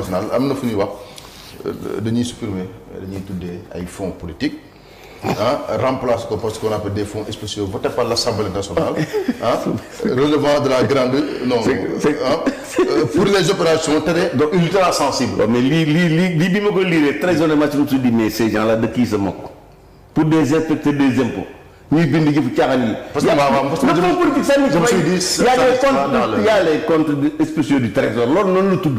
national am na fu ñuy wax dañuy supprimer dañuy tuddee ay fonds politiques hein remplace ko par qu'on appelle des fonds spéciaux voté par l'Assemblée nationale hein, relevant de la grande non ah, euh, pour les opérations très donc ultra sensibles mais li li li bima ko liiree très honnêtement je me dit mais ces gens-là de qui se moque pour des inspecteurs des impôts ni bindi jëfu caaxaan yi. parce que waaw parce que politique je suis dit y a les comptes y a les comptes spéciaux du trésor loolu non la tudd.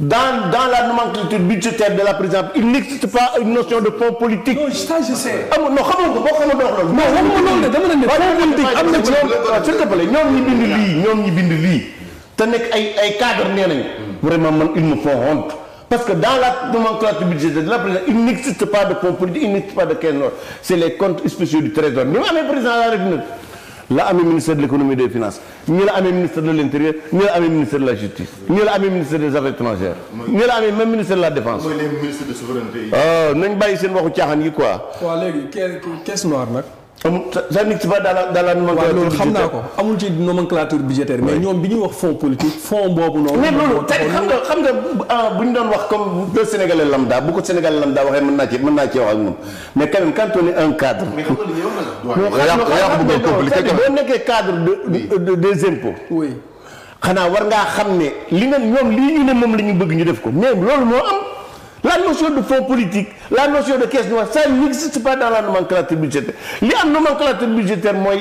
Dans, la nomenclature budgétaire de la présidente, il n'existe pas une notion de fonds politique. Non, Non, je sais. sais. Ah, non, non, non, parce que dans la nomenclature budgétaire de la présidence, il n'existe pas de fonds politique, il n'existe pas de quel C'est les comptes spéciaux du trésor. Mais non président de la République. la amee ministère de l'économie et des finances ñi la amee ministère de l'intérieur ñi la amee ministère de la justice ñi la amee ministère des affaires étrangères ñi la amee même ministère de la défense mooy les ministres de souveraineté yi nañ bàyyi seen waxu caaxaan yi quoi waaw léegi caisse noire nag ça n'existe pas dans la dans la nomenclature loolu xam naa ko amul ci nomenclature budgétaire mais ñoom bi ñuy wax fonds politique fonds boobu noonu. mais loolu tey xam nga xam nga ah, bu ñu doon wax comme le Sénégalais lambda bu ko Sénégalais lambda waxee mën naa ci mën naa ci wax ak moom mais quand même quand on est un cadre. mais xam nekkee cadre de des impôts. oui xanaa war ngaa xam ne li nga ñoom lii ñu ne moom la ñu bëgg ñu def ko mais loolu moo am. la notion de fonds politique la notion de caisse noire ça n'existe pas dans la nomenclature budgétaire li nomenclature budgétaire moi,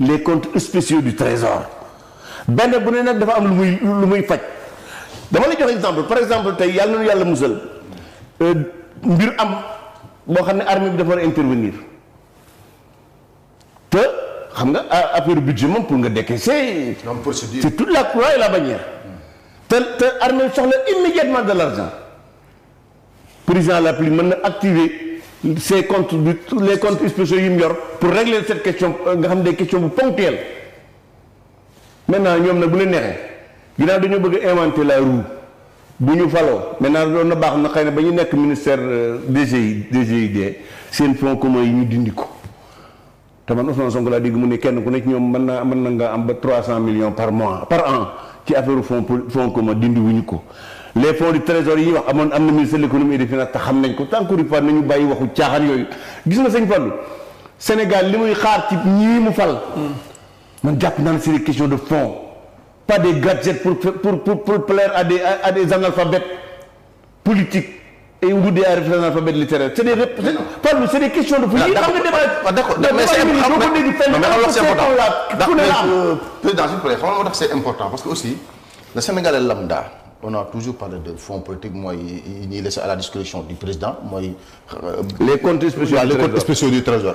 les comptes spéciaux du trésor Ben, bu ne nag dafa am lu muy lu muy faj dama la jox exemple par exemple il y a le musal euh, mbir am a xam armée bi dafa a intervenir te xam nga budget moom pour nga décaisser c'est toute la croix et la bannière te te armée immédiatement de l'argent président à la République mën activer ces comptes les comptes spéciaux pour régler cette question euh, nga question maintenant nous avons bu inventer la roue maintenant nous avons ministère euh, DGI fonds commun yi ñu 300 millions par mois par an a fait fonds fonds commun les fonds du trésor yi wax nous de l'économie des finances à nañ ko nañu bayyi waxu yoy gis na seigne Sénégal limuy xaar ci ñi mu fal c'est des questions de fonds. pas des gadgets pour pour plaire à des à des analphabètes politiques et ou des analphabètes littéraires c'est des c'est des questions de. fonds. Ah, ah, c'est important c'est important parce que aussi le est lambda on a toujours parlé de fonds politiques Moi, il à la discrétion du président euh, les comptes spéciaux du trésor les comptes spéciaux du trésor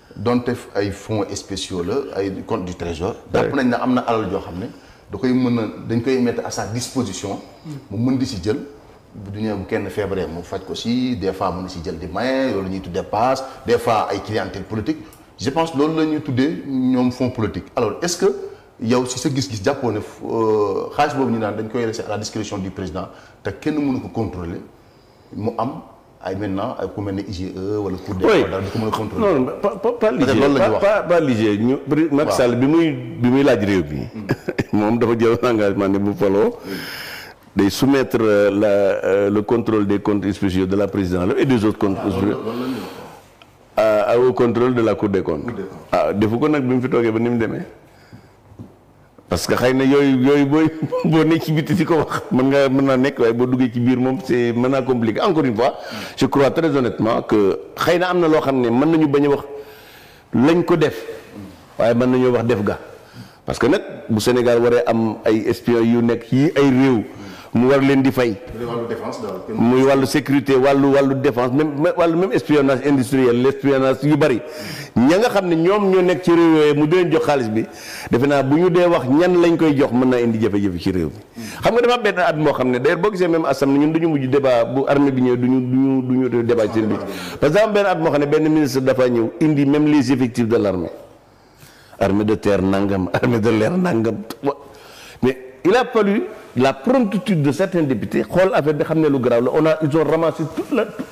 Don't des fonds spéciaux des comptes du trésor. D'après nous, ne alal joo à sa disposition. Mm. mu mën di si jël bu des février, des fois des des fois ay politique je pense que la les fonds politiques. alors est-ce que il si ce qui ce qui se à la discrétion du président y nous mënu ko contrôler mu ay maintenant ay ku mel ne IGE wala. cour des comptes daal du ko mën a contrôler. non non pas pas l'IGE e, pas pas l'IGE ñu. Macky Sall bi muy bi muy laaj réew bi mm. moom dafa jël engagement ne bu faloo mm. day soumettre euh, la euh, le contrôle des comptes spéciaux de la présidence et des autres comptes. Ah, au contrôle de la cour des comptes. ah defu ko nag bi fi toogee ba ni mu parce que xëy na yooyu yooyu booy boo nekk ci biti di ko wax mën nga mën naa nekk waaye boo duggee ci biir moom see mën naa compliqué encore une fois je crois très honnêtement que xëy na am na loo xam ne mën nañu bañ a wax lañ ko def waaye mën nañoo wax def ga parce que nag bu Sénégal waree am ay espions yu nekk yi ay réew mu war leen di fay. muy wàllu sécurité wàllu wàllu défense même wàllu même espionnage industriel l'espionnage yu bari ña nga xam ne ñoom ñoo nekk ci réew yooyu mu di jox xaalis bi defe naa bu ñu dee wax ñan lañ koy jox mën naa indi jafe-jafe ci réew mi. Hmm. xam nga dafa benn at moo xam ne day boo gisee même asam ñu duñu mujj débat bu armée bi ñëw duñu duñu duñu duñu débat ci bi parce que am benn at moo xam ne benn ministre dafa ñëw indi même les effectifs de l'armée armée de terre nangam nangam mais il a fallu la promptitude de certains députés xool avait bi xam ne lu grave on a ils ont ramassé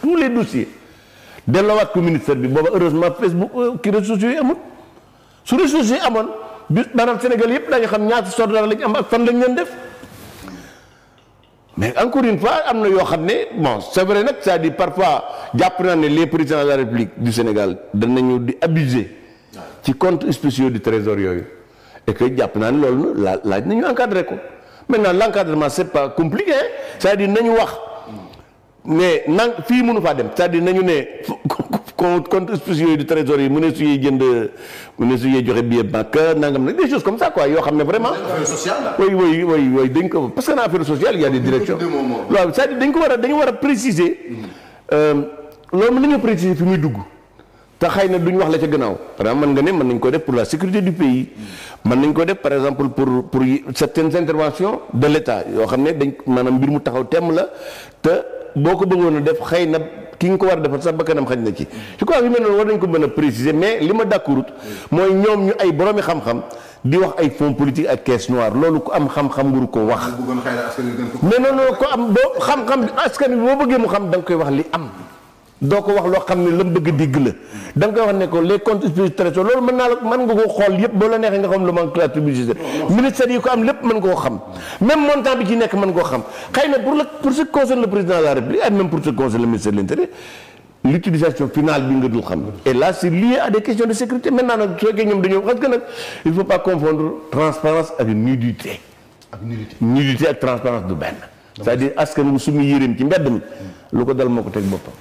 tous les dossiers delloowaat ko ministère bi booba heureusement Facebook qui euh, réseaux sociaux yi amul su réseaux sociaux yi amoon bi maanaam Sénégal yëpp dañu xam ñaata sordara lañ am ak fan lañ leen def mais encore une fois am na yoo bon c'est vrai nag c'est-à-dire parfois jàpp naa ne les présidents de la République du Sénégal danañu di abuser ci comptes spéciaux du trésor yooyu et que jàpp naa ne loolu la laaj nañu ko maintenant l'encadrement c'est pas compliqué hein. c'est-à-dire nañu wax mais nan nous mënu dem c'est-à-dire nañu ne compte spéciaux yooyu du trésor yi mu ne su yee jënd joxe nangam des choses comme ça quoi yoo xam ne vraiment. oui oui oui oui parce que dans affaire sociale il y a des directions. c'est-à-dire dañ ko war a préciser. Euh, loolu mën nañu préciser fi dugg. te xay na duñ wax la ca gannaaw par exemple mën nga ne mën nañ ko def pour la sécurité du pays mën nañ ko def par exemple pour pour certaines interventions de l'État yoo xam ne dañ maanaam mbir mu taxaw temm la te boo ko bëggoon a def xëy na ki nga ko war a defal sax ba kanam xaj na ci je crois yu mel noonu war nañ ko mën a préciser mais li ma d'accordut mooy ñoom ñu ay boroomi xam-xam di wax ay fonds politique ak caisse noire loolu ko am xam-xam waru ko wax mais noonu ko am boo xam-xam askan bi boo bëggee mu xam da koy wax li am doo ko wax loo xam ne la mu bëgg dégg la da nga koy wax ne ko les comptes loolu mën naa la mën nga koo xool yëpp boo la neexee nga xam lu nomenclature budgétaire ministère yi ko am lépp mën nga koo xam même montant bi ci nekk mën koo xam xëy na pour la pour ce qui concerne président la république et même pour ce qui concerne le ministère de l'intérieur l'utilisation finale bi nga dul xam et là c'est lié à des questions de sécurité maintenant nag soo kee ñoom dañoo parce que nag il faut pas confondre transparence ak nudité ak nudité nudité ci mbedd mi lu ko dal moo ko teg boppam